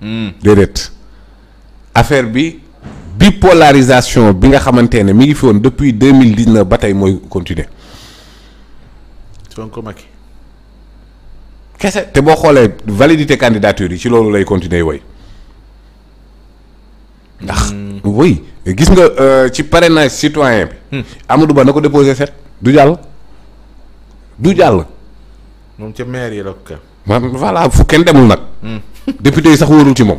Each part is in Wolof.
déedéet affaire bi bipolarisation bi nga xamante ne mi ngi fi woon depuis deux mille dix neuf ba tey mooy continuer. Sonko Macky. kese te boo xoolee validité candidature yi ci loolu lay continuer woy ndax. Hmm. oui gis nga euh, ci parrainage citoyen bi. Hmm. Amadou Ba na ko déposé set du jàll. du jàll. moom ca maire yi la maanaam voilà fu kenn demul nag. Hmm. député yi sax wóorul ci moom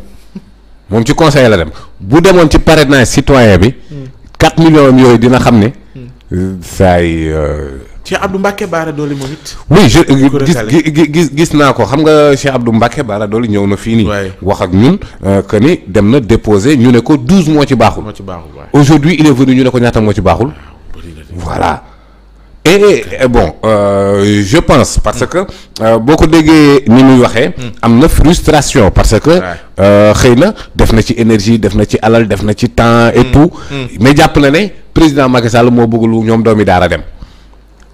moom ci conseil la dem bu demoon ci parrainage citoyen bi. 4 hmm. million yooyu dina xam ne. Hmm. saa yi. Euh, Cheikh du Mbacke Baara doolu moom euh, gis gis naa ko xam nga Cheikh Abdou Mbacke Baara Doli ñëw na fii nii. wax ak ñun euh, que ni dem na déposer ñu ne ko 12 moo ci baaxul. ci baaxul aujourd'hui il est venu ñu ne ko ñaata moo ci baaxul. Ah, voilà. et eh, eh, eh, bon euh, je pense parce que euh, boo ko déggee ni muy waxee hmm. am na frustration parce que euh, xëy na def na ci énergie def na ci alal def na ci temps et hmm. tout hmm. mais jàpp na ne président Macky Sall moo bëggul ñoom doomi daara dem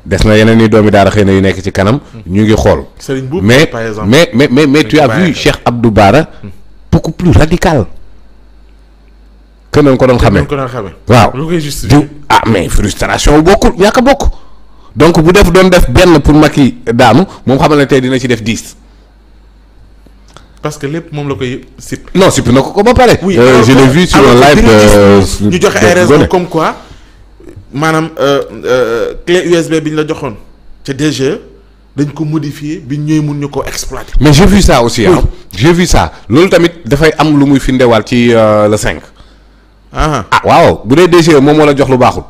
des na yeneen i doomi daara xëy na yu nekk ci kanam ñu ngi xool mais mais mais mais mais tu as vu Cheikh Abdou Bara beaucoup plus radical que ko doon xamee waaw ah mais frustration bokkul ñàkk a bokk donc bu def doon def benn pour Macky daanu moom xamal na tey dina ci def dix. parce que lépp moom la koy sipp. no sipp na ko ko ba pare. oui euh, alors je l'ai vu sur un live. Euh, comme quoi maanaam euh, clé USB bi ñu la joxoon ca DG dañ ko modifier bi ñuy mun ñu ko exploiter. mais j'ai vu ça aussi ah. j'ai vu ça loolu tamit dafay am lu muy findewaal ci le cinq. Ah. ah waaw bu dee DG moom moo la jox lu baaxul.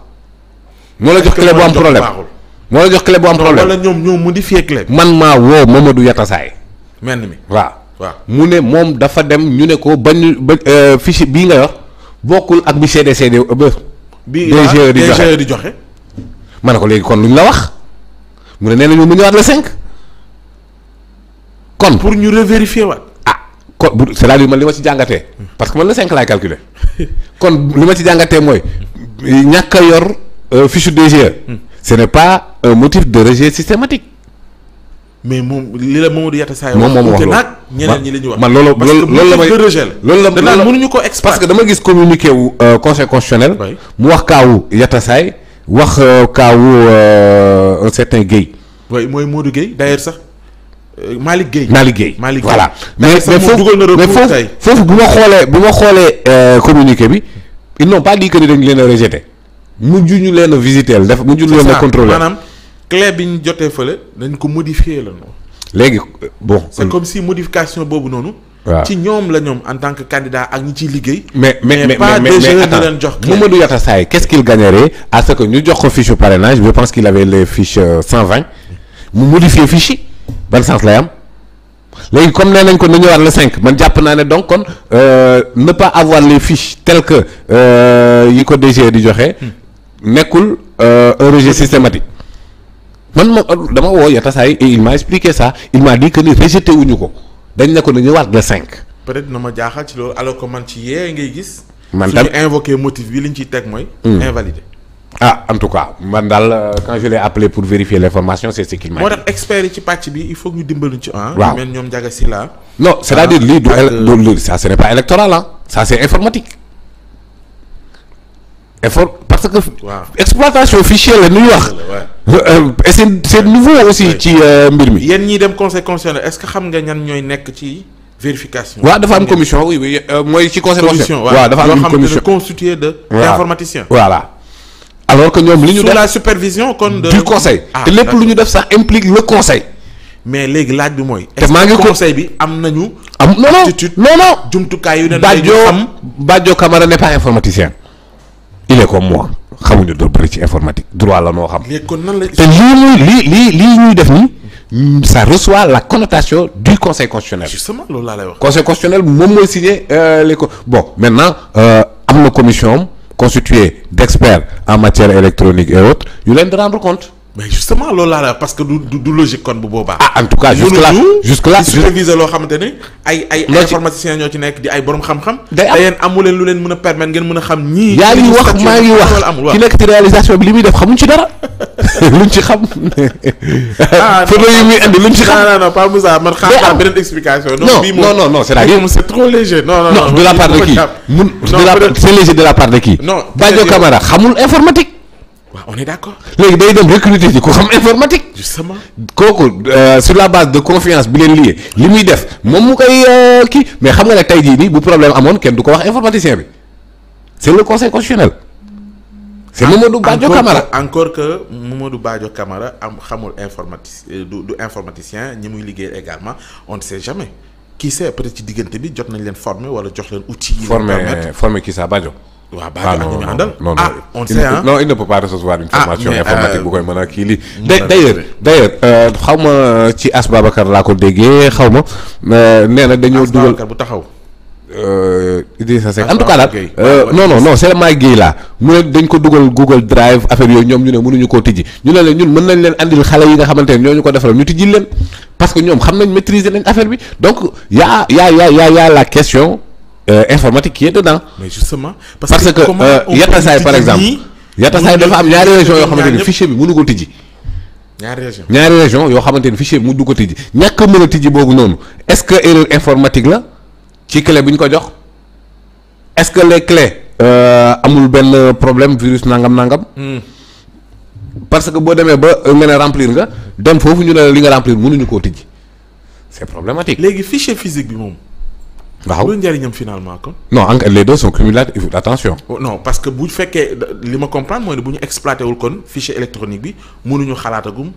moo la jox clé bu am problème. moo la jox clé bu am problème wala ñoom di modifié clé man maa woo Mamadou Yatasaay. mel mi waaw. waaw mu ne moom dafa dem ñu ne ko bañ ba euh, fiche bii nga yor bokkul ak bi CDCD ba. bii DGE di joxe ma ne ko léegi kon lu la wax mu ne nee nañu mu ñëwaat la cinq kon. pour ñu revérifier waat. ah kon bu cest à li ma ci jàngatee. parce que man la cinq laay calculer kon li ma ci jàngatee mooy ñàkk a yor euh, fiche DGE. Hmm. ce n'est pas un motif de rejet systématique. mais moom li la Mamadou Yatassaye. moom moom wax la ñeneen ñi la wax. man loolu loolu la may parce que loolu la danaa mënuñu ko expliquer. parce que dama gis communiqué wu euh, conseil constitutionnel. mu wax kaawu Yatassaye wax euh, kaawu euh, un certain Guèye. waaye mooy Modou Guèye d'ailleurs sax Malick Guèye. Malick Guèye Malick Guèye mais mais foofu foofu bu ma xoolee bu ma xoolee communiqué bi ils n'ont pas dit que ni dañ leen a mujj ñu leen a visiter def mujj ñu leen a contrôler maanaam clé bi ñu jotee fële dañ ko modifier la noonu. léegi bon. c'est comme si modification boobu noonu. waaw ci ñoom la ñoom en tant que candidat ak ñi ciy liggéey. mais mais mais pas mais mais attends Mamadou Yatassaye qu'est-ce qu'il gagnerait à ce que ñu jox ko fiche parrainage je pense qu'il avait les fiches 120 euh, mu modifier fiche yi ban sens lay am léegi comme nee nañ ko na ñëwaat le 5 man jàpp naa ne donc kon euh, ne pas avoir les fiches telles que euh, yi ko DG di joxe. Hmm. nekkul euh, un rejet systématique man ma euh, dama woo Yatasaay et il m'a expliqué ça il m'a dit que ni rejeté wuñu ko dañ ne ko dañuy waat le 5. peut-être na ma jaaxal ci loolu alors que man ci yee ngay gis. man tam suñu invoqué motif bi liñ ciy teg mooy. Hmm. invalidé. ah en tout cas man daal euh, quand je l'ai appelé pour vérifier l'information c'est ce qu'il moo tax experts yi ci pàcc bi il faut ñu dimbaluñ ci ah. waaw mel ñoom Ndiaga Sylla. non c'est-à-dire ah. lii du. du lii effort parce que. waaw exploitation fichier la nu ñuy wax. et c' est c' est mbir mi. yéen ñiy dem conseil constitutionnel est ce que xam nga ñan ñooy nekk ci vérification. waaw dafa am commission oui euh, mooy ci conseil. commission waaw dafa am commission constituée de. informaticiens voilà. alors ñoom li ñu def la supervision kon de. du conseil ah, te lépp lu ñu def sax implique le conseil. mais léegi laaj bi mooy. te maa ngi conseil bi am nañu. am non non non jumtukaay yu ne. Badio Badio Camara n'est pas informaticien. il est comme moi xamuñu doo bëri ci informatique droit la noo xam. te lii muy lii lii ñuy def nii ça reçoit la connotation du conseil constitutionnel. justement loolu laa lay wax. conseil constitutionnel moom mooy signé euh, les co bon maintenant euh, am na commission am constituée d' experts en matière électronique et autres yu leen di rendre compte. mais justement loolu laa la parce que du du, du logique kon boobaa. ah en tout cas jusque là jusque loo xamante ne ay ay informaticiens ñoo ci nekk di ay borom xam-xam. day am te yéen amu leen lu leen mën a permettre ngeen mën a xam. ñii yaa ngi wax maa ngi wax ki nekk ci réalisation bi li muy def xamuñ ci dara luñ ci xam. ah non photo yi muy indi luñ ci xam. non non non de la part de qui mun de la part de qui. non Badio xamul informatique. waaw on est léegi day dem recruter ji ko xam informatique. justement kooku euh, sur la base de confiance bi leen lié li muy def moom mu koy euh, kii mais xam nga ne tey jii nii bu problème amoon kenn du ko wax informaticien bi c'est le conseil constitutionnel. c'est Mamadou Badio Camara encore que Mamadou Badio Camara am xamul informaticien euh, du du informaticien ñi muy liggéey également on ne sait jamais qui sait peut ci diggante bi jot nañ leen former wala jox leen outil. yi leen permettre former former waaw Badio ak ñi ñu àndal non non ah on sait ah non il ah, euh, euh, xaw ma euh, ci As Babacar laa ko déggee xaw ma nee na dañoo dugal bu taxaw. Idrissa Seck en tout cas daal non non non c'est ma Guèye laa mu ne ko ñu ne mënuñu ñun mën nañ leen andil xale yi nga ne ñoo ñu ko defaral ñu tijji leen parce que ñoom xam nañ maîtriser nañ affaire bi donc y a y a y a la question. euh, informatique qui est dedans. mais justement parce, parce que euh, Yatasaay par exemple Yatasaay dafa am ñaari région yoo xamante ni fichier bi mënu ko tijji. ñaari région ñaari région yoo xamante ni fichier bi mënu ko tijji ñàkk a mën a tijji boobu noonu est-ce que erreur informatique la ci clé bi ñu ko jox est-ce que les clés. Euh, amul benn problème virus nangam nangam. Hmm. parce que boo demee ba euh, nga ne remplir nga dem foofu ñu ne li nga remplir mënuñu koo tijji c'est problématique. léegi fichier physique bi moom. waaw lu njëriñam finalement kon. non en les deux sont cumulatifs attention. Oh, non parce que bu fekkee li ma comprendre mooy ne bu ñu exploité wul kon fichier électronique bi mënuñu xalaatagum.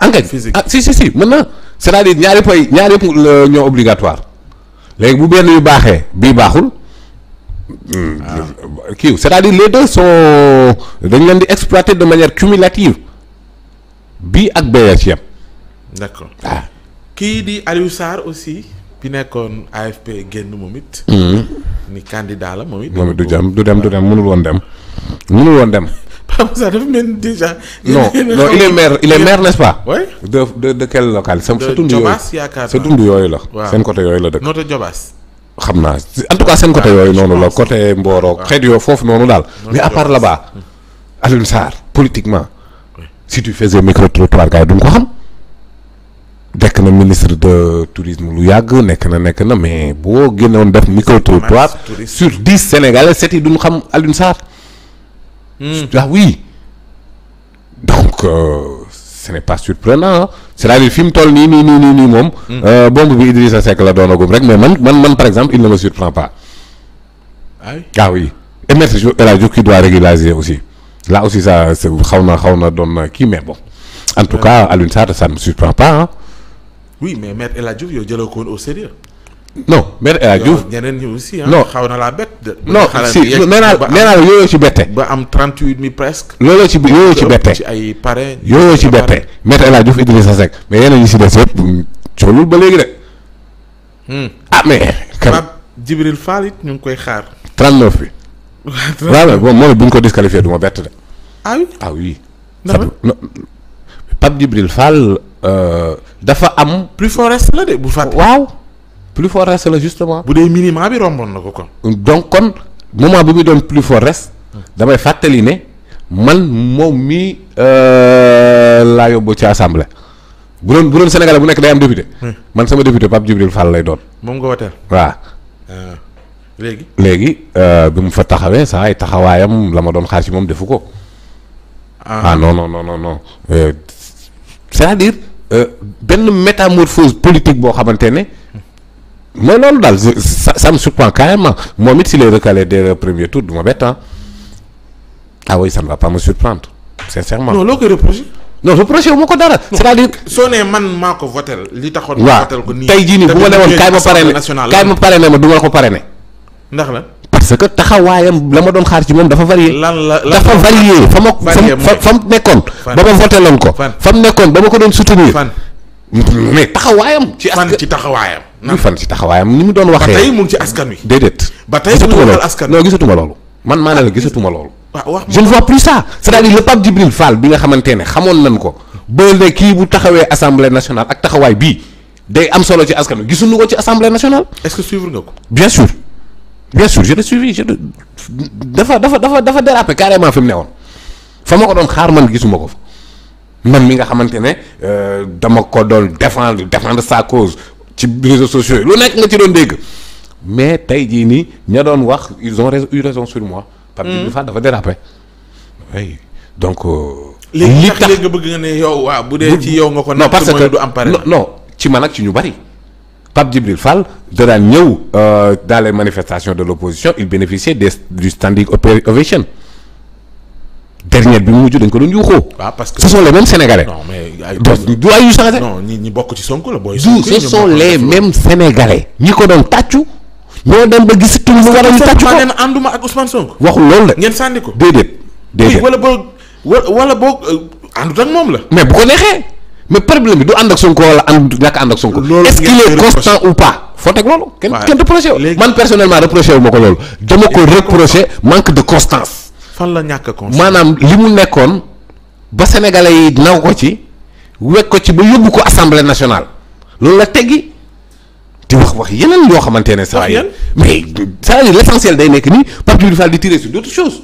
enquête physique ah si si si mën na c'est-à-dire ñaari pay ñaari yëpp ñoo obligatoire léegi bu benn yu baaxee bii baaxul. Hmm, ah. kii c'est-à-dire les deux sont dañ leen di exploiter de manière cumulative bi ak bee ci yem. d'accord ah. kii di Aliou aussi. bi nekkoon AFP génn moom it. Hmm. ni candidat moom it. moom du dem du dem du dem mënul woon dem mënul woon dem. Pape Moussa dafa mel ni déjà. non il est maire il est maire nest pas. oui de de de sa tund yooyu sa tund yooyu la. waaw seen côté yooyu la dëkk. Notto Diobass. xam naa en tout cas seen côté ah, yooyu noonu la côté Mboro xeet yoo foofu noonu daal. mais à part là-bas. politiquement. si tu faisais micro trottoir gars yi ko xam. nekk na ministre de tourisme lu yàgg nekk na nekk na mais boo génnoon def micro trottoir sur dis sénégalais set yi duñu xam Alioune Sarr hmm. ah oui donc euh, ce n'est pas surprenant c'est-à-dire fi mu toll nii nii nii nii nii moom hmm. euh, bombe bi Idrissa Seck la doonagum rek mais man man man par exemple il ne me surprend pas ah oui ah oui et maître El Hadji Diouf qui doit régulariser aussi là aussi ça xaw na xaw na doon kii mais bon en tout ouais. cas Alioune ne me surprend pas oui mais maître El Hadj Diouf yow jëloo ko woon au sérieux non maître El Hadj Diouf ñeneen ñi aussi. xaw na laa bett. non si nee yooyoo ci bette. ba am 38 mi presque. looloo ci yooyoo ci bette ci ay parrain. yooyoo ci bette maître El Hadj Diouf Idrissa Seck mais yeneen ñi si des yëpp coolul ba léegi rek. Hmm. ah mais. kan Pape Djibril ngi koy xaar. 39 bi. moom bu ñu ko disqualifié du ma bett de. ah oui ah Euh, dafa am. plus forest la de bu fàtte. waaw plus forest la justement. bu dee minimum bi romboon na ko kon. donc kon moment bu muy doon plus forest. damay fàttali ne man moom mii euh, laa yóbbu ci assemblée. bu doon bu doon Sénégal bu nekk day am député. man sama député Pape Djibril Fall lay doon. moom nga woteel waaw. Euh, léegi léegi bi mu fa taxawee saa ay taxawaayam la ma doon xaar ci moom defu ko. ah, ah non non non non Euh, benn métamorphose politique boo xamante ne mooy loolu daal ça ça me surprend moom it s'il est recalé dès le premier tour du ma bett ah oui ça ne va pas me surprendre sincèrement. non loo koy reproché. non ko dara. soo nee man maa ko voté li taxoon. ma voté ko nii tey jii nii bu ma ne woon kaay ma parrainé kaay ma parrainé ma du ma la ko parrainé. ndax la. parce que taxawaayam la ma doon xaar ci moom dafa varié. lan la dafa varié fa ma fa mu nekkoon. ba ma voté loon ko. fa mu nekkoon ba ma ko doon soutenir. mais taxawaayam. ci askan fan ci taxawaayam. nan fan ci taxawaayam ni mu doon waxee. ba tey mu ngi ci askan wi. déedéet. ba tey mu ngi askan non gisatuma loolu. man maa ne la gisatuma loolu. je ne vois plus ça. c'est-à-dire le Pape Djibril Fall bi nga xamante ne xamoon nañ ko. ba ne kii bu taxawee assemblée nationale ak taxawaay bii day am solo ci askan wi gisuñu ko ci assemblée nationale. est-ce que suivre bien sûr je l'ai suivi je dafa dafa dafa dafa dérapé carrément fi mu newoon fa ma ko doon xaar man gisuma ko fa man mi nga xamante ne euh, dama ko doon défendre défendre sa cause ci réseaux sociaux yi lu nekk nga ci doon dégg mais tey jii nii ña doon wax ils ont eu raison sur moi. Pape hmm. Djibril Fall dafa dérapé. oui donc. Euh, li tax nga bëgg nga ne yow waaw bu dee ci yow nga ko. non parce que du am pare non ci man ak ci ñu bari. Pape Djibril Fall daan ñëw euh, dans les manifestations de l'opposition il bénéficiait de du standing ovation dernière bi mu mujj dañ ko doon yuuxoo. waaw ah, parce que ce sont les mêmes sénégalais. non ay yu changé. non ñi ñi bokk ci Sonko la booy. Sonko ce sont les mêmes sénégalais. ñi ko doon tàccu. ñoo dem ba gisatuñ mu war a ñu tàccu ko parce waxul loolu la ngeen sànni ko. déedéet déedéet wala boog wala boog euh, àndut ak moom la. mais bu ko neexee. mais problème bi du ànd ak Sonko wala ànd ñàkk ànd ak Sonko. est-ce constant ou pas. foo teg loolu. kenn kenn man personnellement reproché wu ma ko loolu. dama ko reproché manque de constance. la ñàkk constance maanaam li mu nekkoon ba sénégalais yi naw ko ci wekk ko ci ba yóbbu ko assemblée nationale loolu la teggi di wax wax yeneen yoo xamante ne saa mais c'est-à-dire l'essentiel day nekk nii Pape Djibril Fall di tirer sur d'autres choses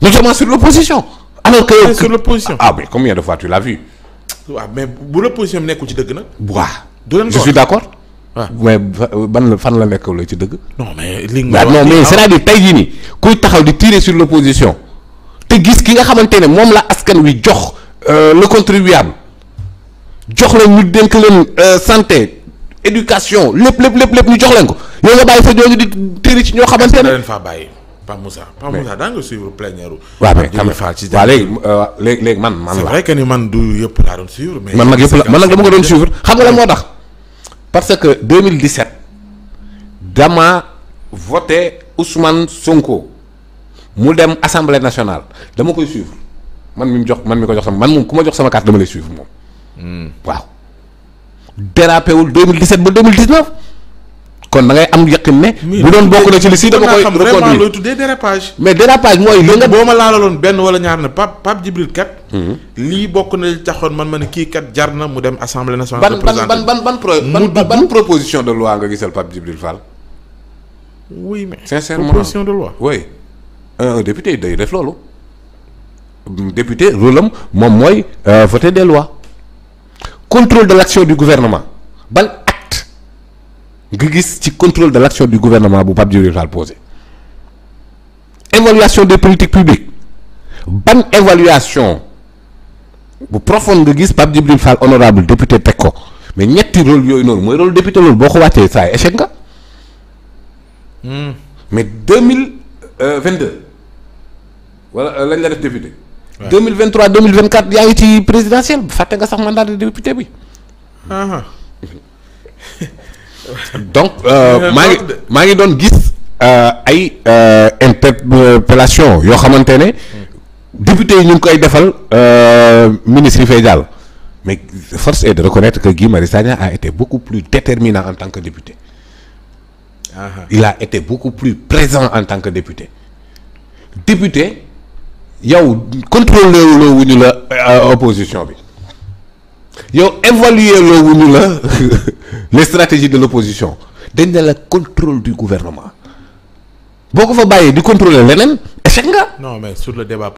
notamment sur waaw mais bu la position bi nekkul ci dëgg nag. waaw du leen ko je suis mais ban la fan la nekkul ci dëgg. non mais li nga non mais ah c'est-à-dire tey jii nii kuy taxaw di tirer sur l'opposition te gis ki nga xamante ne moom la askan wi jox euh, le contribuable jox leen ñu dénk leen euh, santé éducation lépp lép lépp lépp ñu jox leen ko yow nga bàyyi fa ñooñu di tirer ci ñoo xamante ne. da faa bàyyi. Pape Moussa Pape Moussa mais xam nga waaw euh, léegi léegi man man la man yëpp laa doon suivre mais man nag man nag dama ko doon suivre xam nga la moo tax parce que 2017 dama voté Ousmane Sonko mu dem assemblée nationale dama koy suivre man mi mu jox man mi ko jox sama man moom ku ma jox sama carte dama lay suivre moom hmm. waaw dérapé wul 2017 ba kon da am yaqin ne. bu doon bokk na ci li si dama koy. reconduire vraiment looy tuddee dérapage. mais dérapage mooy. li nga boo ma laalaloon benn wala ñaar na Pape Pape Djibril kat. Mhm. lii bokk na li taxoon man ma ne kii kat jar na mu dem assemblée nationale. représenté ban ban ban ban ban proposition de loi nga gisal Pape Djibril Fall. oui mais sincèrement de loi. oui un député day def loolu. député moom mooy euh, voter des lois. contrôle de l'action du guvernement nga gis ci contrôle de l' action du gouvernement bu Pape Djibril Fall posé évaluation des politiques publiques ban évaluation bu profonde nga gis Pape Djibril Fall honorable député teg ko mais ñetti rôle yooyu noonu mooy rôle député loolu boo ko wàccee saa yi échec nga hmm. mais deux mille euh, vingt deux wala euh, lañ la def député. waaw deux mille vingt trois deux mille vingt quatre yaa ngi ci présidentielle fàtte nga sax mandat de député bi. Ah, ah. donc euh, maa ngi maa ngi doon gis euh, ay euh, interpellation yoo xamante ne député yi ñu ngi koy defal ministre yi fay jàll mais force est de reconnaître que Guy Marius Sagna a été beaucoup plus déterminant en tant que député il a été beaucoup plus présent en tant que député député yow contrôlé loo wuñu la opposition bi yow évalué loo wuñu la les stratégies de l'opposition dañ ne la contrôle du gouvernement boo ko fa bàyyee di contrôler leneen échec nga. non mais sur le